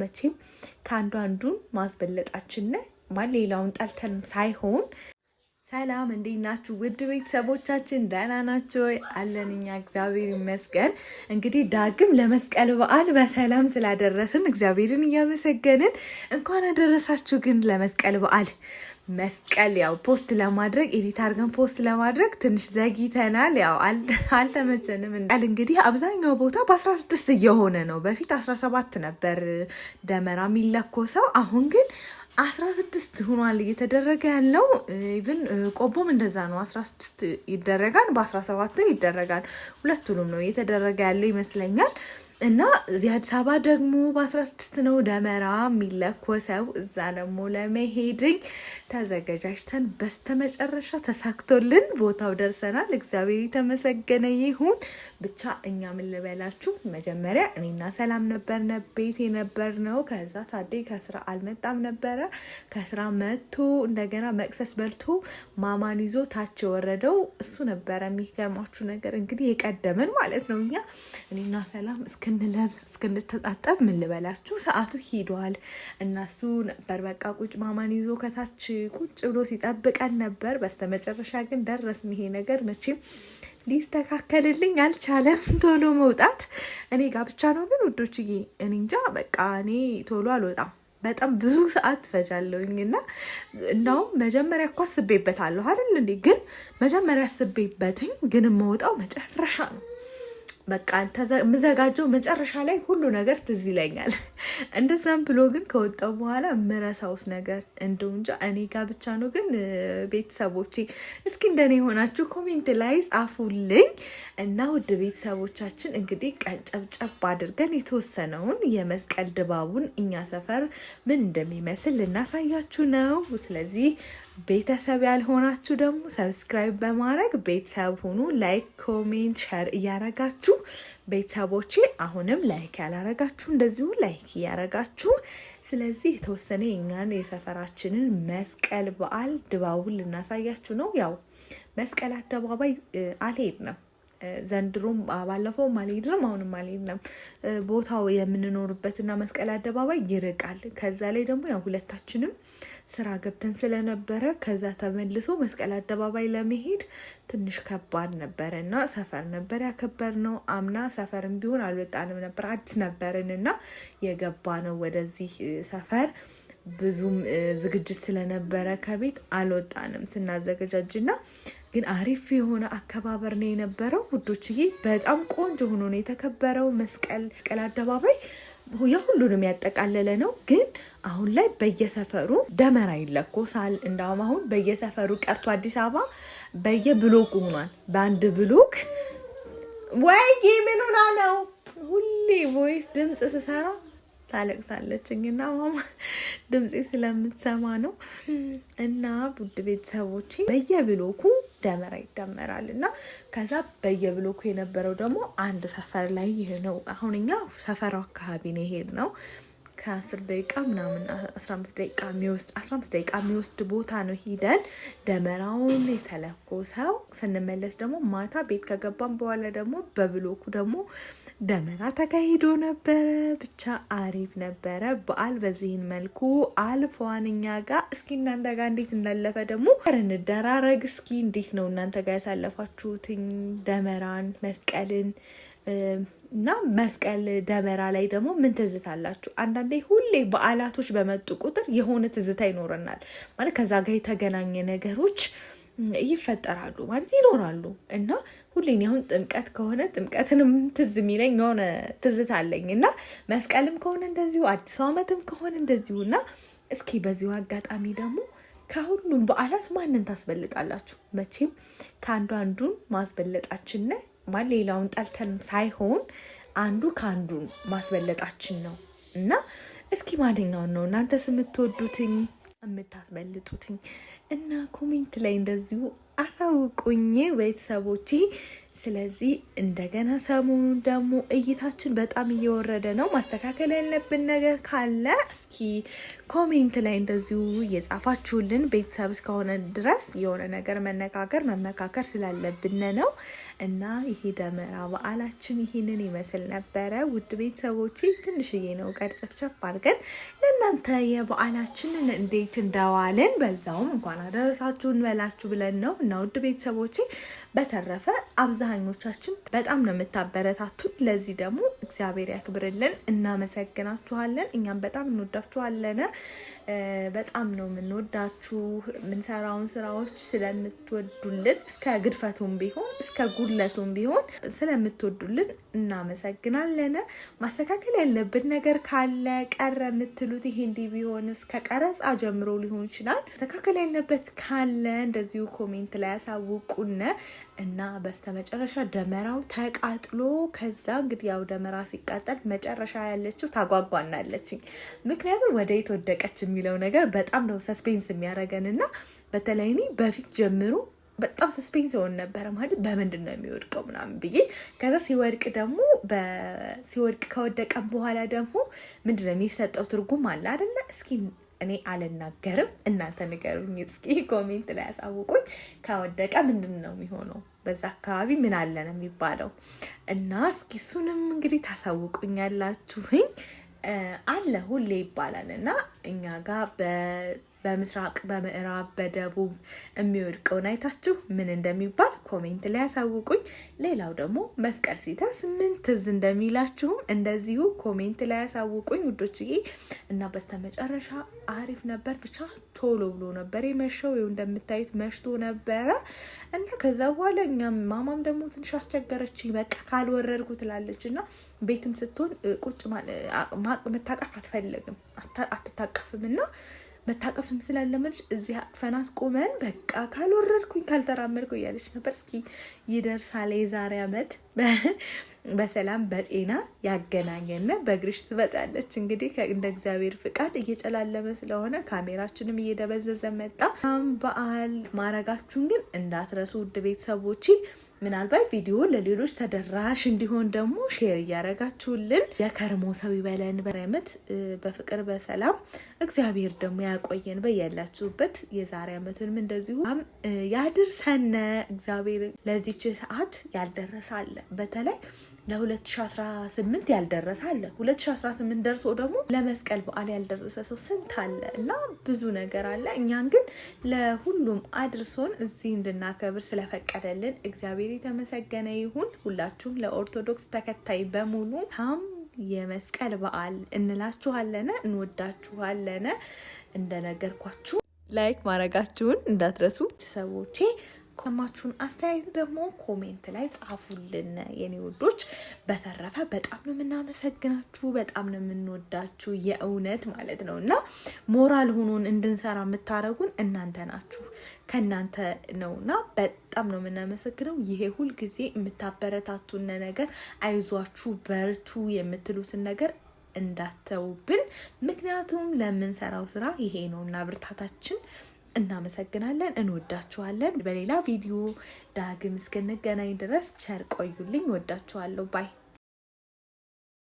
መቼም ከአንዱ አንዱን ማስበለጣችን ማ ሌላውን ጠልተን ሳይሆን ሰላም እንዴት ናችሁ? ውድ ቤተሰቦቻችን ደህና ናችሁ? አለን እኛ እግዚአብሔር ይመስገን። እንግዲህ ዳግም ለመስቀል በዓል በሰላም ስላደረስን እግዚአብሔርን እያመሰገንን እንኳን አደረሳችሁ። ግን ለመስቀል በዓል መስቀል ያው ፖስት ለማድረግ ኤዲት አድርገን ፖስት ለማድረግ ትንሽ ዘግይተናል። ያው አልተመቸንም። እንዳል እንግዲህ አብዛኛው ቦታ በ16 እየሆነ ነው። በፊት 17 ነበር ደመራ የሚለኮሰው አሁን ግን አስራ ስድስት ሆኗል እየተደረገ ያለው ኢቭን ቆቦም እንደዛ ነው። አስራ ስድስት ይደረጋል፣ በአስራ ሰባትም ይደረጋል። ሁለቱንም ነው እየተደረገ ያለው ይመስለኛል። እና አዲስ አበባ ደግሞ በአስራ ስድስት ነው ደመራ የሚለኮሰው። እዛ ደግሞ ለመሄድኝ ተዘገጃጅተን በስተመጨረሻ ተሳክቶልን ቦታው ደርሰናል። እግዚአብሔር የተመሰገነ ይሁን። ብቻ እኛ ምን ልበላችሁ፣ መጀመሪያ እኔና ሰላም ነበርነ ቤት የነበር ነው። ከዛ ታዴ ከስራ አልመጣም ነበረ። ከስራ መጥቶ እንደገና መቅሰስ በልቶ ማማን ይዞ ታች የወረደው እሱ ነበረ። የሚገርማችሁ ነገር እንግዲህ የቀደመን ማለት ነው እኛ እኔና ሰላም እስክ እስክንለብስ እስክንተጣጠብ ምን ልበላችሁ ሰዓቱ ሂዷል። እነሱ ነበር በቃ ቁጭ ማማን ይዞ ከታች ቁጭ ብሎ ሲጠብቀን ነበር። በስተመጨረሻ ግን ደረስን። ይሄ ነገር መቼም ሊስተካከልልኝ አልቻለም። ቶሎ መውጣት እኔ ጋ ብቻ ነው ግን ውዶችዬ፣ እኔ እንጃ በቃ እኔ ቶሎ አልወጣም። በጣም ብዙ ሰዓት ትፈጃለውኝ እና እንዳውም መጀመሪያ እኮ አስቤበታለሁ አይደል እንዴ? ግን መጀመሪያ አስቤበትኝ ግን መውጣው መጨረሻ ነው በቃ የምዘጋጀው መጨረሻ ላይ ሁሉ ነገር ትዝ ይለኛል። እንደዛም ብሎ ግን ከወጣው በኋላ ምረሳውስ ነገር እንደው እንጂ እኔ ጋር ብቻ ነው። ግን ቤተሰቦቼ እስኪ እንደኔ የሆናችሁ ኮሜንት ላይ ጻፉልኝ እና ውድ ቤተሰቦቻችን እንግዲህ ቀንጨብጨብ አድርገን የተወሰነውን የመስቀል ድባቡን እኛ ሰፈር ምን እንደሚመስል ልናሳያችሁ ነው። ስለዚህ ቤተሰብ ያልሆናችሁ ደግሞ ሰብስክራይብ በማድረግ ቤተሰብ ሁኑ። ላይክ፣ ኮሜንት፣ ሸር እያረጋችሁ ቤተሰቦቼ፣ አሁንም ላይክ ያላረጋችሁ እንደዚሁ ላይክ እያረጋችሁ። ስለዚህ የተወሰነ የኛን የሰፈራችንን መስቀል በዓል ድባቡን ልናሳያችሁ ነው። ያው መስቀል አደባባይ አልሄድ ነው ዘንድሮም ባለፈው አልሄድንም፣ አሁንም አልሄድንም። ቦታው የምንኖርበትና መስቀል አደባባይ ይርቃል። ከዛ ላይ ደግሞ ያው ሁለታችንም ስራ ገብተን ስለነበረ ከዛ ተመልሶ መስቀል አደባባይ ለመሄድ ትንሽ ከባድ ነበረ እና ሰፈር ነበር ያከበር ነው። አምና ሰፈርም ቢሆን አልወጣንም ነበር አዲስ ነበርን እና የገባ ነው ወደዚህ ሰፈር ብዙም ዝግጅት ስለነበረ ከቤት አልወጣንም ስናዘገጃጅና ግን አሪፍ የሆነ አከባበር ነው የነበረው ውዶችዬ። በጣም ቆንጆ ሆኖ ነው የተከበረው መስቀል ቀል አደባባይ የሁሉንም ያጠቃለለ ነው። ግን አሁን ላይ በየሰፈሩ ደመራ ይለኮሳል። እንዳውም አሁን በየሰፈሩ ቀርቶ አዲስ አበባ በየብሎኩ ሆኗል። በአንድ ብሎክ ወይ ምንና ነው ሁሌ ቮይስ ድምፅ ስሰራ ታለቅሳለችኝ እና ማማ ድምፄ ስለምትሰማ ነው። እና ውድ ቤተሰቦች በየብሎኩ ደመራ ይደመራል እና ከዛ በየብሎኩ የነበረው ደግሞ አንድ ሰፈር ላይ ይህ ነው። አሁን እኛ ሰፈሩ አካባቢ ነው ይሄድ ነው ከአስር ደቂቃ ምናምን አስራ አምስት ደቂቃ የሚወስድ አስራ አምስት ደቂቃ የሚወስድ ቦታ ነው ሂደን ደመራውን የተለኮሰው። ስንመለስ ደግሞ ማታ ቤት ከገባም በኋላ ደግሞ በብሎኩ ደግሞ ደመራ ተካሂዶ ነበረ። ብቻ አሪፍ ነበረ በዓል። በዚህን መልኩ አልፏን እኛ ጋር። እስኪ እናንተ ጋር እንዴት እንዳለፈ ደግሞ እንደራረግ። እስኪ እንዴት ነው እናንተ ጋር ያሳለፋችሁትኝ ደመራን፣ መስቀልን እና መስቀል ደመራ ላይ ደግሞ ምን ትዝታ አላችሁ? አንዳንዴ ሁሌ በዓላቶች በመጡ ቁጥር የሆነ ትዝታ ይኖረናል። ማለት ከዛ ጋር የተገናኘ ነገሮች ይፈጠራሉ ማለት ይኖራሉ እና ሁሌን አሁን ጥምቀት ከሆነ ጥምቀትንም ትዝ የሚለኝ የሆነ ትዝታ አለኝ እና መስቀልም ከሆነ እንደዚሁ አዲሱ ዓመትም ከሆነ እንደዚሁ እና እስኪ በዚሁ አጋጣሚ ደግሞ ከሁሉም በዓላት ማንን ታስበልጣላችሁ? መቼም ከአንዱ አንዱን ማስበለጣችን ማለት ሌላውን ጠልተንም ሳይሆን አንዱ ከአንዱን ማስበለጣችን ነው እና እስኪ ማንኛውን ነው እናንተስ የምትወዱትኝ? የምታስበልጡትኝ እና ኮሜንት ላይ እንደዚሁ አሳውቁኝ ቤተሰቦቼ። ስለዚህ እንደገና ሰሞኑን ደግሞ እይታችን በጣም እየወረደ ነው። ማስተካከል ያለብን ነገር ካለ እስኪ ኮሜንት ላይ እንደዚሁ እየጻፋችሁልን ቤተሰብ እስከሆነ ድረስ የሆነ ነገር መነጋገር መመካከር ስላለብን ነው። እና ይሄ ደመራ በዓላችን ይሄንን ይመስል ነበረ። ውድ ቤተሰቦች ትንሽዬ ነው ቀርጨብጨብ አድርገን ለእናንተ የበዓላችንን እንዴት እንደዋልን በዛውም እንኳን አደረሳችሁ እንበላችሁ ብለን ነው እና ውድ ቤተሰቦቼ በተረፈ አብዛኞቻችን በጣም ነው የምታበረታቱን። ለዚህ ደግሞ እግዚአብሔር ያክብርልን፣ እናመሰግናችኋለን። እኛም በጣም እንወዳችኋለን። በጣም ነው የምንወዳችሁ። የምንሰራውን ስራዎች ስለምትወዱልን እስከ ግድፈቱም ቢሆን እስከ ሁለቱም ቢሆን ስለምትወዱልን እናመሰግናለን። ማስተካከል ያለብን ነገር ካለ ቀረ የምትሉት ይሄ እንዲህ ቢሆንስ ከቀረጻ ጀምሮ ሊሆን ይችላል። ማስተካከል ያለበት ካለ እንደዚሁ ኮሜንት ላይ ያሳውቁን እና በስተመጨረሻ ደመራው ተቃጥሎ ከዛ እንግዲህ ያው ደመራ ሲቃጠል መጨረሻ ያለችው ታጓጓናለችኝ። ምክንያቱም ወደ የት ወደቀች የሚለው ነገር በጣም ነው ሰስፔንስ የሚያደርገን እና በተለይ እኔ በፊት ጀምሮ በጣም ሰስፔንስ የሆን ነበረ ማለት በምንድን ነው የሚወድቀው ምናምን ብዬ ከዛ ሲወድቅ ደግሞ ሲወድቅ ከወደቀም በኋላ ደግሞ ምንድን ነው የሚሰጠው ትርጉም አለ አደለ? እስኪ እኔ አልናገርም፣ እናንተ ንገሩኝ እስኪ ኮሜንት ላይ ያሳውቁኝ። ከወደቀ ምንድን ነው የሚሆነው? በዛ አካባቢ ምን አለ ነው የሚባለው? እና እስኪ እሱንም እንግዲህ ታሳውቁኛላችሁኝ። አለ ሁሌ ይባላል እና እኛ ጋር በምስራቅ በምዕራብ በደቡብ የሚወድቀውን አይታችሁ ምን እንደሚባል ኮሜንት ላይ ያሳውቁኝ። ሌላው ደግሞ መስቀል ሲደርስ ምን ትዝ እንደሚላችሁም እንደዚሁ ኮሜንት ላይ ያሳውቁኝ ውዶችዬ። እና በስተመጨረሻ አሪፍ ነበር፣ ብቻ ቶሎ ብሎ ነበር የመሸው። ይኸው እንደምታዩት መሽቶ ነበረ እና ከዛ በኋላ እኛም ማማም ደግሞ ትንሽ አስቸገረች፣ በቃ ካልወረድኩ ትላለች እና ቤትም ስትሆን ቁጭ መታቀፍ አትፈልግም አትታቀፍም እና መታቀፍም ስላለመድሽ እዚህ አቅፈናት ቁመን በቃ ካልወረድኩኝ ካልተራመድኩ እያለች ነበር። እስኪ ይደርሳል የዛሬ ዓመት በሰላም በጤና ያገናኘን። በእግርሽ ትመጣለች እንግዲህ እንደ እግዚአብሔር ፍቃድ። እየጨላለመ ስለሆነ ካሜራችንም እየደበዘዘ መጣ። በዓል ማረጋችሁን ግን እንዳትረሱ ውድ ቤተሰቦች። ምናልባት ቪዲዮ ለሌሎች ተደራሽ እንዲሆን ደግሞ ሼር እያደረጋችሁልን የከርሞ ሰው ይበለን። በረመት በፍቅር በሰላም እግዚአብሔር ደግሞ ያቆየን በያላችሁበት። የዛሬ ዓመቱንም እንደዚሁ ያድርሰነ እግዚአብሔር። ለዚች ሰዓት ያልደረሰ አለ፣ በተለይ ለ2018 ያልደረሰ አለ። 2018 ደርሶ ደግሞ ለመስቀል በዓል ያልደረሰ ሰው ስንት አለ እና ብዙ ነገር አለ። እኛን ግን ለሁሉም አድርሶን እዚህ እንድናከብር ስለፈቀደልን እግዚአብሔር እግዚአብሔር የተመሰገነ ይሁን። ሁላችሁም ለኦርቶዶክስ ተከታይ በሙሉ ታም የመስቀል በዓል እንላችኋለን፣ እንወዳችኋለን። እንደነገርኳችሁ ላይክ ማድረጋችሁን እንዳትረሱ ሰዎቼ። ከማችሁን አስተያየት ደግሞ ኮሜንት ላይ ጻፉልን የኔ ውዶች። በተረፈ በጣም ነው የምናመሰግናችሁ፣ በጣም ነው የምንወዳችሁ የእውነት ማለት ነው እና ሞራል ሆኖን እንድንሰራ የምታደርጉን እናንተ ናችሁ፣ ከእናንተ ነውና በጣም ነው የምናመሰግነው። ይሄ ሁልጊዜ የምታበረታቱን ነገር አይዟችሁ፣ በርቱ የምትሉትን ነገር እንዳተውብን፣ ምክንያቱም ለምንሰራው ስራ ይሄ ነው እና ብርታታችን እናመሰግናለን። እንወዳችኋለን። በሌላ ቪዲዮ ዳግም እስክንገናኝ ድረስ ቸር ቆዩልኝ። ወዳችኋለሁ ባይ